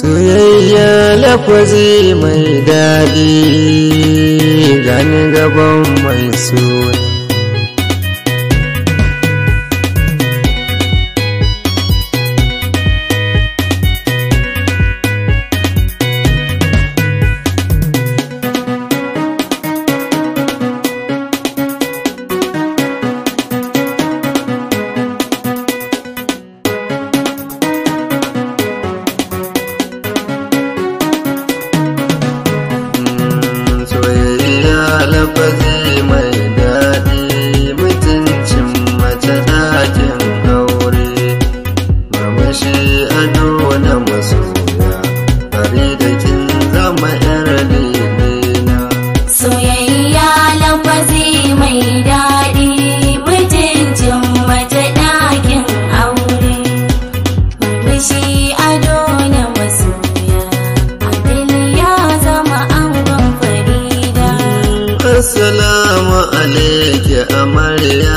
soyayya lafazi mai daɗi ganin gaban lafazi mai daɗi mutuncin mace ɗakin aure mamashi ado na masu Assalamu alaiki amarya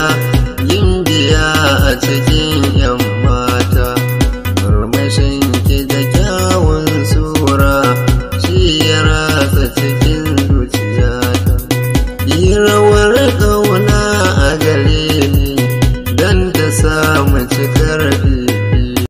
yin biya a cikin yan mata, karmashin ki da kyawun sura shi ya rasa cikin ta Yi rawar ƙauna a gare ni don ta samu cikin